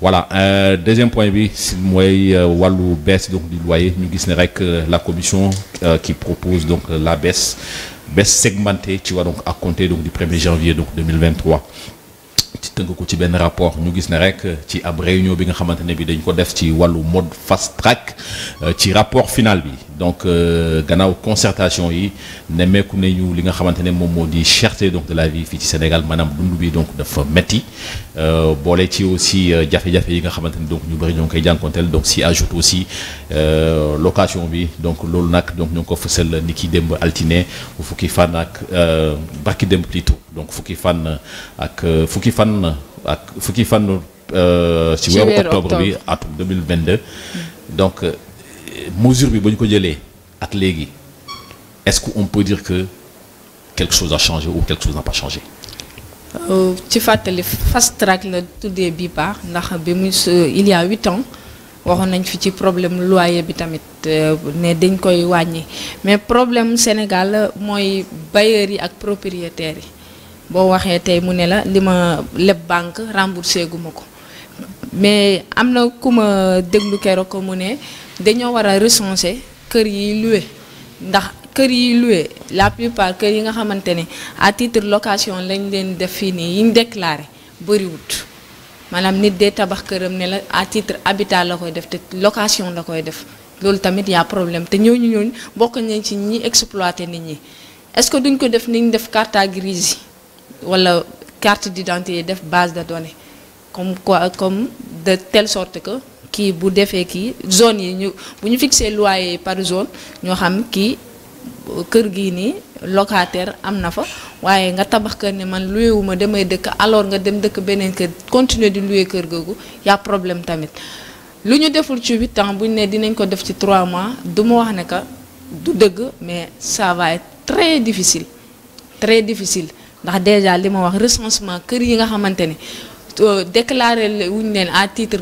voilà euh, deuxième point bi si mooy euh, baisse donc du loyer nous disons que la commission euh, qui propose donc la baisse baisse segmentée tu vois donc à compter donc du 1er janvier donc 2023 ci tënk ko ci ben rapport ñu gis ne rek ci ab réunion bi nga xamantene bi dañ ko def ci walu mode fast track euh, ci rapport final bi donc euh, ganaw concertation yi nemmeeku nañu li nga xamantene mom modi di cherté donc de la vie fiti ci Sénégal manam dund bi donc dafa metti euh, bolé ci aussi jafé jafé yi nga xamantene donc ñu bari ñoo koy donc si ajoute aussi location bi donc lool nak donc ñoo ko fësal ni ki altine fukki fanak euh barki demb plutôt donc il fan euh, ak euh, fukki fan euh, ak fukki fan ci weeru octobre bi at 2022 donc mesure bi ba ko ak est-ce qu'on peut dire que quelque chose a changé ou quelque chose n'a pas changé fais le fast track tout tout bi par il y a 8 ans on a un petit problème loyer bi tamit ne dañ koy wàññi mais problème Sénégal moy bailleur yi ak propriétaires boo waxee tey mu ne la li ma leb banque remboursé gu ma ko mais am na ku ma déglu keroog ko mu ne dañoo war a recenser kër yi loué ndax kër yi loué la plupart kër yi nga xamante ne à location lañ leen def fii nii yi ñu déclaré bëriwut maanaam nit dee tabax këram ne la à titre habitat la koy def te location la koy def loolu tamit y problème te ñëw ñooñu ñooñu bokk nañ ci ñi exploité nit ñi est-ce que duñ ko def niñ def carte grise yi wala carte d'identité def base de données comme quoi comme de telle sorte que kii bu defee kii zone yi ñu bu ñu fixé loyer par zone ñoo xam kii kër gi nii locataire am na fa waaye nga tabax kër ne man loué wu ma damay dëkk alors nga dem dëkk beneen kër continuer di loué kër googu y'a problème tamit lu ñu deful ci huit ans bu ñu ne dinañ ko def ci trois mois du wax ne que du dëgg mais ça va être difficile très difficile ndax déjà li wax recensement kër yi nga xamante ne euh, wuñ à titre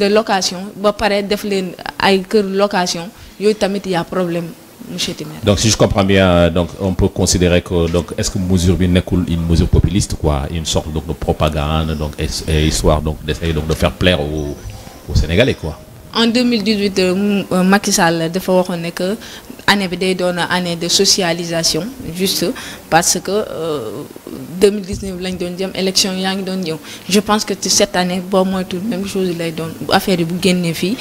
de location ba pare def leen ay location yooyu tamit y a problème monsieur donc si je comprends bien donc on peut considérer que donc est-ce que mesure bi une mesure populiste quoi une sorte donc de propagande donc histoire donc d'essayer donc de faire plaire aux Sénégalais quoi en 2018 euh, euh, Macky Sall dafa que année bi année de socialisation juste parce que 2019 euh, lañ doon jëm élection yaa ngi je pense que cette année tout tout même chose lay doon bu affaire bu vie fi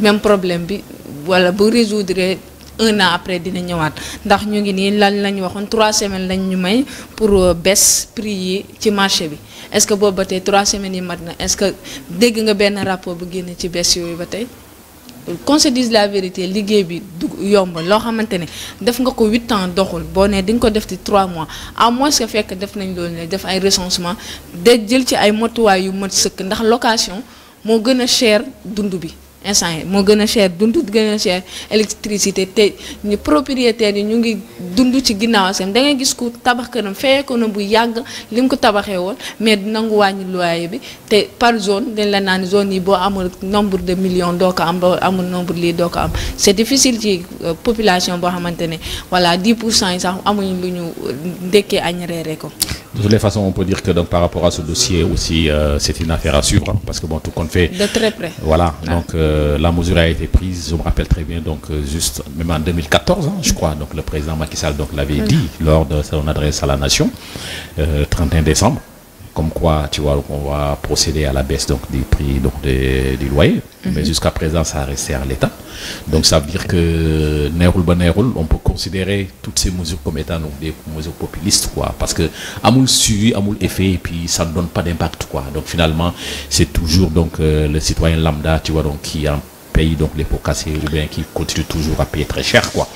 même problème bi wala résoudre un an après dina ñëwaat ndax ñu ngi lañ trois semaines lañ ñu pour euh, baisse prix yi est-ce que vous trois semaines yi est-ce que dégg nga rapport bu ci la vérité du yomb def nga huit ans doxul trois mois à moins que fekk def nañ def ay recensement jël ci ay yu mat sëkk ndax location mo gëna cher bi instant yi moo gën a cher dund gën a cher électricité te ñu propriétaires yi ñu ngi dund ci ginnaaw seen da ngay gis ku tabax këram feye ko na bu yàgg li mu ko tabaxee woon mais nangu wàññi loyer bi te par zone dañ la naan zone yi boo amul nombre de millions doo ko am boo amul nombre lii doo ko am c' est difficile ci euh, population boo xamante ne voilà 10 pour cent yi sax amuñ lu ñu euh, ndekkee añ reere ko De toutes les façons, on peut dire que donc, par rapport à ce dossier aussi, euh, c'est une affaire à suivre, hein, parce que bon, tout compte fait. De très près. Voilà, ah. donc euh, la mesure a été prise, je me rappelle très bien, donc euh, juste même en 2014, hein, je crois, donc le président Macky Sall l'avait dit lors de son adresse à la nation, 31 décembre comme quoi, tu vois, on va procéder à la baisse donc, des prix donc, des, loyers. Mhm. Mais jusqu'à présent, ça reste à l'État. Donc, ça veut dire que n'est-ce pas, on peut considérer toutes ces mesures comme étant donc, des mesures populistes, quoi. Parce que, amoul suivi, amoul effet, et puis ça ne donne pas d'impact, quoi. Donc, finalement, c'est toujours donc, euh, le citoyen lambda, tu vois, donc, qui en paye donc les pots cassés ou bien qui continue toujours à payer très cher, quoi.